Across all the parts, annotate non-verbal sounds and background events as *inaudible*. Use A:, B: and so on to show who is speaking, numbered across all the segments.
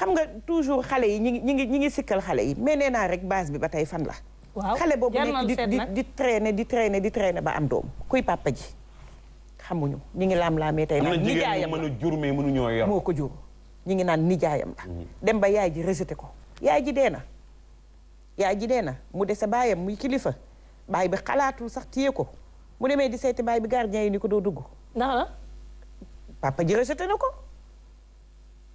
A: xam nga toujours xale yi ñi ngi ñi ngi ñi ngi sikkal xale yi mais nee naa rek base bi ba tey fan la xale boobu nekk di di di traîner di traîner di traîner ba am doom kuy papa ji xamuñu ñi ngi laam-laamee tey naan nijaayam mën a
B: jur mais mënuñoo yor moo
A: ko jur ñi ngi naan nijaayam la mhm. dem ba yaay ji rejeté ko yaay ji dee na yaay ji dee na mu dese baayam muy kilifa baay bi xalaatul sax téye ko mu demee di seeti baay bi gardien yi ni ko doo dugg ndax la ji rejeté na ko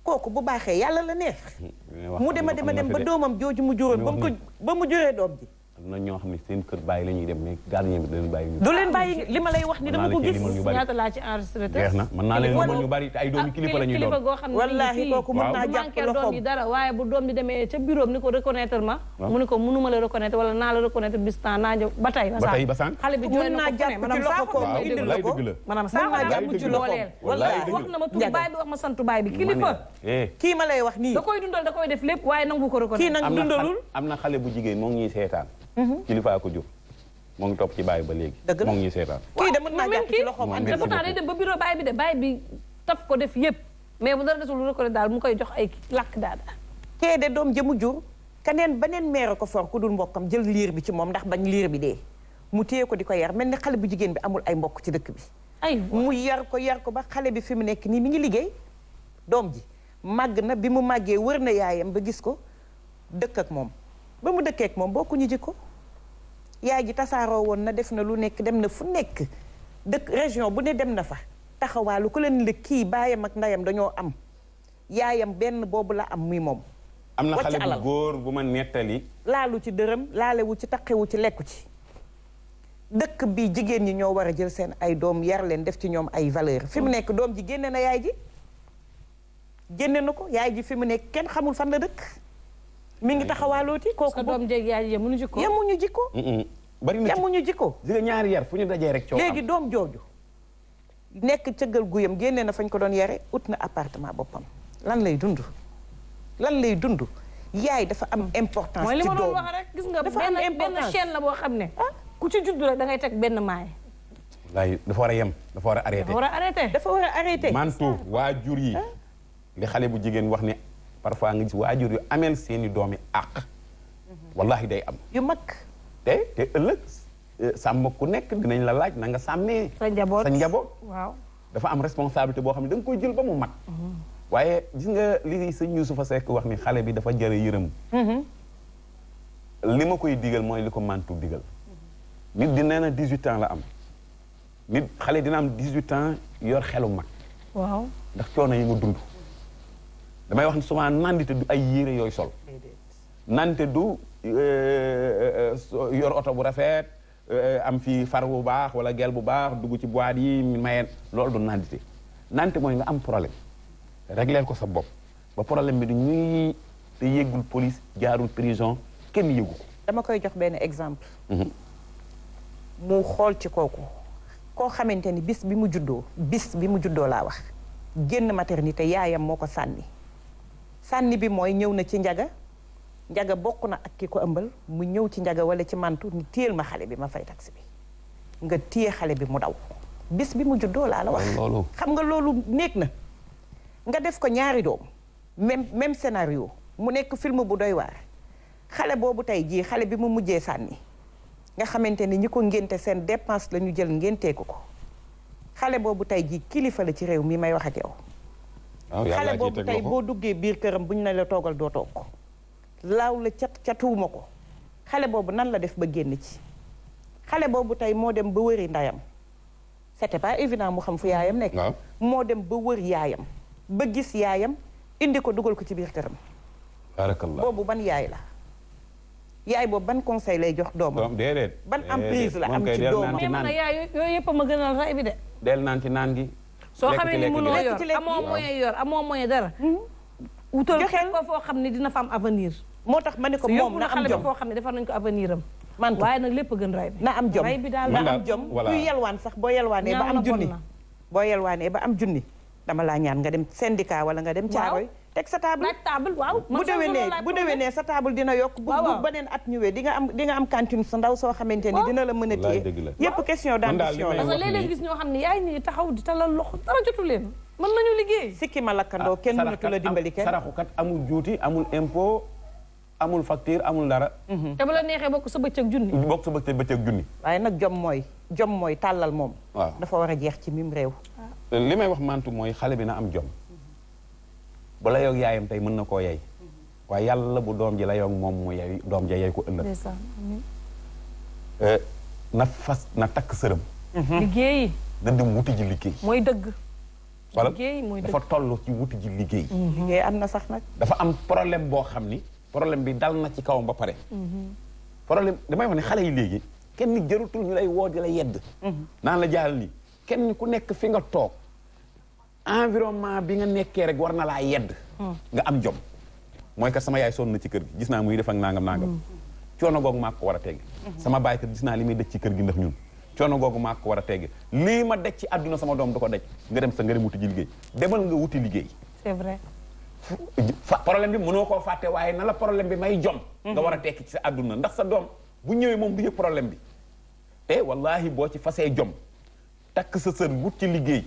A: kooku bu baaxee yàlla la neex hmm, mu dema dema dem ba doomam jooju mu juróon ba mu ko ba mu juree doom ji
B: na ñoo xam ne seen kër bàyyi la ñuy dem mais gardien bi da leen bàyyi.
A: du leen bàyyi li ma lay wax ni dama ko gis ñaata laa ci enregistré. jeex na mën naa leen limal ñu
B: bari te ay doomi ah, kilifa la ñuy doon kilifa goo xam ne wallaahi kooku mën naa jàpp loxoom doom yi dara
C: waaye bu doom bi demee ca bureau ni ko reconnaître ma mu ni ko mënuma la reconnaître wala naa la reconnaître bis temps naa ñëw ba tey ba tey ba sànq xale bi mën naa jàpp ci loxo ko indil la ko maanaam mën naa jàpp ci loxo wallaahi wax na ma tur baay bi wax ma santu baay bi kilifa eh. kii ma lay wax nii da koy dundal da koy def lépp waaye nangu ko reconnaître kii nag dundalul
B: am na xale bu jigéen moo ngi seetaan Mm-hmm. kilifaa ko jur moo ngi topp ci baay ba léegi. dëgg la moo ngi ñuy seetaan.
C: kii de mën naa jàpp ci loxoom ak te dem ba bureau baay bi de baay bi taf def yëpp mais bu dara desul lu récolté daal mu koy jox ay làkk daal.
A: kee de doom jëmu jur keneen beneen meere ko for ku dul mbokkam jël liir bi ci moom ndax bañ liir bi de mu téye ko di ko yar mel ni xale bu jigéen bi amul ay mbokk ci dëkk bi. ay mu yar ko yar ko ba xale bi fi mu nekk nii mu ngi liggéey doom ji màgg na bi mu màggee wër na yaayam ba gis ko dëkk ak moom ba mu dëkkee ak moom bokkuñu jikko yaay ji tasaaroo woon na def na lu nekk dem na fu nekk dëkk région bu ne dem na fa taxawaalu ku leen la kii baayam ak ndayam dañoo am yaayam benn boobu la am muy moom. am na xale bu
B: góor bu ma nettali.
A: laalu ci dërëm laalewu ci taqewu ci lekku ci. dëkk bi jigéen ñi ñoo war a jël seen ay doom yar leen def ci ñoom ay valeur fi mu mm. nekk doom ji génne na yaay ji génne na ko yaay ji fi mu nekk kenn xamul fan la dëkk. mi ngi taxawaalooti kooku doom jéeg yaay yemuñu jikko yemuñu jikko bari na yemuñu jikko di nga ñaari yar fu ñu dajee rek coow léegi doom jooju nekk cëggal guyam génne na fañ ko doon yare ut na appartement boppam lan lay dund lay dund yaay dafa am importance mooy li ma doon wax
C: rek gis nga benn benn chaîne la boo xam ne ah? ku ci juddu rek da ngay teg benn maay
B: wallaay dafa war a yem dafa war a arrêté dafa
A: war a arrêté dafa war a
B: arrêté ah? li xale bu jigéen wax ne parfois nga gis waajur yu ameel seeni doomi àq mhm. wallahi day am yu mag te te ëllëg eh, sàmm ku nekk dinañ la laaj na nga
A: sàmmee sa njaboot sa njaboot
C: waaw
B: dafa am responsabilité boo xam ne da nga koy jël ba mu mag mhm. waaye gis nga li sëñ Yusufa Seck wax mi xale bi dafa jëre yërëm mhm. li ma koy digal mooy li ko mantu digal nit di nee na dix-huit ans la am nit xale dina am dix-huit ans yor xelu mag waaw ndax coono yi mu dund damay wax souvent nandite du ay yére yooyu sol nandite du euh, euh, euh, yor oto bu rafet am fii far bu baax wala gel bu baax dugg ci boîte yi mayeen loolu du nandite nante mooy nga am problème régleel ko sa bopp ba problème bi du ñuy te yëgul police jaarul prison kenn yëgu ko
A: dama koy jox benn exemple mhm. mu xool ci kooku koo xamante ni bis bi mu juddoo bis bi mu juddoo laa wax génn maternité yaayam moo ko sànni sànni bi mooy ñëw na ci njaga njaga bokk na ak ki ko ëmbal mu ñëw ci njaga wala ci mantu ni téyel ma xale bi ma fay taxi bi nga téye xale bi mu daw bis bi mu juddoo laa la wax xam nga loolu néeg na nga def ko ñaari doom même même scénario mu nekk film bu doy waar xale boobu tey jii xale bi mu mujjee sànni nga xamante ni ñi ko ngénte seen dépense la ñu jël ngénteeku ko xale boobu tey jii kilifa la ci réew mi may wax ak yow
B: Ah, xale boobu tey boo
A: duggee biir këram bu ñu ne la toogal doo toog laaw la cat catuwuma ko xale boobu nan la def ba génn ci xale boobu tey moo dem ba wëri ndayam c'était pas évident mu xam fu yaayam nekk moo dem ba wër yaayam ba gis yaayam indi ko dugal ko ci biir këram
B: barakallah boobu
A: ban yaay la yaay boobu ban conseil lay jox
B: doomam déedéet ban emprise la am ci doomam mais man a
A: yaay yooyu yëpp a ma gënal ray bi de
B: del naan ci naan gi soo xamee ni mënoo yor amoo moyen
C: yor amoo moyen dara wutal mhm. xel ko foo xam ne dina fa am avenir moo tax ma ne ko moom na am jom foo xam ne defar nañ ko avenir am
A: man waaye nag lépp gën ray bi na am jom ray bi daal na am jom kuy yelwaan sax boo yelwaanee ba am junni boo yelwaanee ba am junni dama laa ñaan nga dem syndicat wala nga dem caaroy teg sa table laaj
C: table waaw. bu déwénee bu déwénee
A: sa table dina yokk. bu bu at ñëwee di am di nga am cantine su ndaw soo xamante ni dina la mën a téye. yëpp question d'ambition la. parce que léeg-léeg gis
C: ñoo xam ne yaay ñuy taxaw di talal loxo dara jotu leen. mën nañu liggéey. sikki ma lakkandoo ah, kenn mënatu la dimbali kenn. saraxukat
B: amul juuti amul impôt amul facture amul dara.
A: Mhm. te bu la neexee bokk sa bëccëg junni. bokk
B: sa bëccëg junni.
A: waaye nag jom mooy jom mooy tàllal moom. waaw dafa war a jeex ci mim réew.
B: Ah. li may wax mantu mooy xale bi na am jom bu la yoog yaayam tey mën na koo yey waaye yàlla bu doom ji la yoog moom mu yey doom ja yey ko ëllëg euh, na fas na takk sërëm
A: mm-hmm. liggéeyi
B: da dem wuti liggéey
A: mooy dëgg wala dafa
B: toll ci wuti ji
A: mm-hmm. liggéey am na sax nag
B: dafa am problème boo xam ni problème bi dal na ci kawam ba pare mm-hmm. problème damay wax ne xale yi léegi kenn ni jërutul ñu lay woo di la yedd naan la jaaral nii kenn ku nekk fi nga toog environnement bi nga nekkee rek war na laa yedd nga am jom mooy kat sama yaay soon na ci kër gi gis naa muy def ak nangam nangam coono googu maa ko war a tegg sama baay kat gis naa li muy daj ci kër gi ndax ñun coono googu maa ko war a tegg lii ma daj ci àdduna sama doom du ko daj nga dem sa nga dem wuti liggéey demal nga wuti liggéey c'est vrai problème bi mënoo koo fàtte waaye na la problème bi may jom nga war a tekki ci sa àdduna ndax sa doom bu ñëwee moom du yëg problème bi te eh, wallaahi boo ci fasee jom takk sa sër wut ci liggéey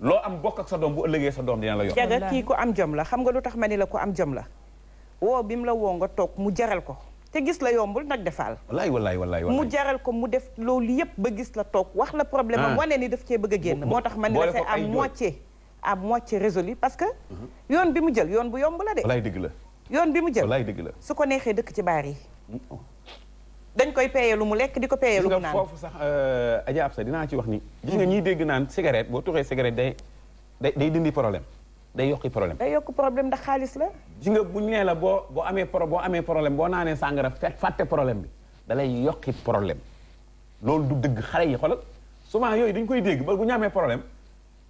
B: loo am bokk ak sa doom bu ëllëgee sa doom dina la yor. jaga kii
A: ku am jom la xam nga lu tax ma ni la ku am jom la woo bi mu la woo nga toog mu jaral ko te gis la yombul nag defaal. wallaay wallaay wallaay mu jaral ko mu def loolu yépp ba gis la toog wax la problème am ah. wane ni daf cee bëgg a génn. moo tax ma ni la c'est à moitié à moitié résolu parce que. Mhm. yoon bi mu jël yoon bu yomb la de. wallaay
B: dëgg la. yoon bi mu jël wallaay dëgg la
A: su ko neexee dëkk ci baar yi. dañ koy paye lu mu lekk di ko paye lu mu naan foofu
B: sax euh, Adja Absa dinaa ci wax ni di nga ñiy dégg naan cigarette boo tuxee cigarette day day dindi problème day yokki problème
A: day yokk problème ndax xaalis
B: la gis nga buñu nee la boo boo amee pro boo amee problème boo naanee sàngara fekk fàtte problème bi dalay yokki problème loolu du dëgg xale yi su souvent yooyu dañ koy dégg ba bu ñu amee
A: problème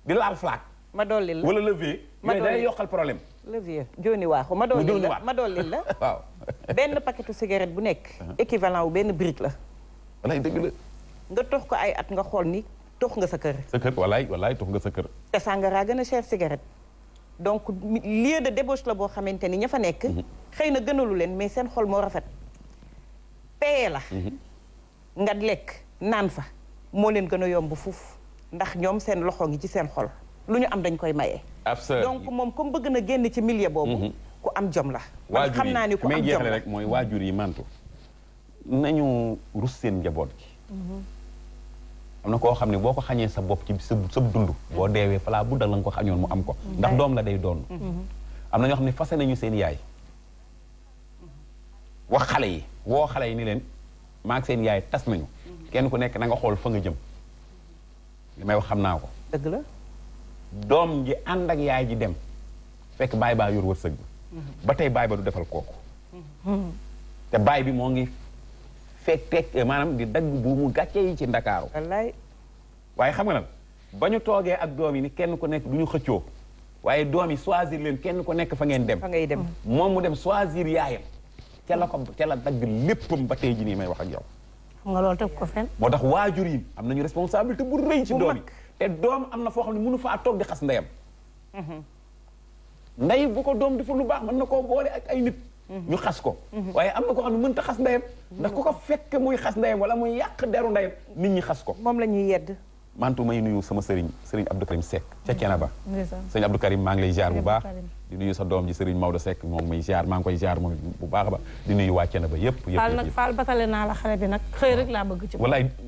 A: di laal flaque ma dolli la wala levier ma dolli day yokkal problème levier jooni waaxu ma dolli la ma dolli la *laughs* waaw benn paquetu cigarette bu nekk. équivalent wu benn brique la. walaay dëgg la. nga tox ko ay at nga xool ni tox nga sa kër. sa kër
B: walaay walaay tox nga sa kër.
A: te sàngara gën a cher cigarette. donc lieu de débauche la boo xamante ni ña fa nekk. Mhm. xëy na gënalu leen mais seen xol moo rafet. paye la. Mhm. nga lekk naan fa. moo leen gën a yomb fuuf ndax ñoom seen loxo ngi ci seen xol lu ñu am dañ koy maye. donc moom comme bëgg na génn ci milieu boobu. Mhm. ku am jom la. man xam naa ne ku am jom la rek mooy
B: waajur yi mantu nañu rus seen njaboot gi. Mm-hmm. am na koo xam ne boo ko xañee sa bopp ci sa sa dund. boo deewee falaa bu dal la nga ko xañoon mu am ko. Mm-hmm. ndax doom la day doon. Mm-hmm. am na ñoo xam ne fase nañu seen yaay. wax xale yi woo xale yi ni leen maak seen yaay tas nañu. kenn ku nekk na xool fa nga jëm. may wax xam naa ko. dëgg la. doom ji ànd ak yaay ji dem fekk baay baa yor wërsëg bi ba tey baay ba du defal kooku te baay bi moo ngi fekk fekk eh, maanaam di dagg buumu gàcce yi ci ndakaaru waaye xam nga nag ba ñu toogee ak doom yi ni kenn ku nekk du ñu xëccoo waaye doom yi choisir leen kenn ku nekk fa ngeen dem fa ngay dem moom mu dem choisir yaayam ca la ko ca la dagg léppam ba tey ji nii may wax ak yow
C: xam nga loolu ko fen moo tax
B: waajur yi am nañu responsabilité bu rëy ci doom yi te doom am na foo xam ne mënu faa toog di xas ndeyam
A: mm-hmm.
C: ndey bu ko doom deful
B: lu baax mën na koo boole ak ay nit mhm. ñu xas ko waaye am na ko xam ne mën ta xas ndeyam ndax ku ko fekk muy xas ndeyam wala muy yàq deru ndeyam nit ñi xas ko moom la ñuy yedd mantu may nuyu sama sëriñ sëriñ Abdou Karim Seck ca Kenaba sëriñ Abdou Karim maa ngi lay ziar bu baax di nuyu sa doom ji sëriñ Maodo moom muy ziar maa koy ziar moom bu baax a baax di nuyu waa Kenaba yëpp yëpp
C: Fall naa la
A: xale bi nag xëy rek laa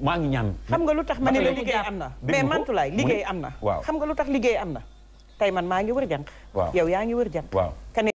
A: maa ngi ñaan xam nga lu tax ma ne la liggéey am na mais mantulaay liggéey am na waaw xam nga lu tax liggéey am na tey man maa ngi wër jànq. waaw yow yaa ngi wër jànq.
C: waaw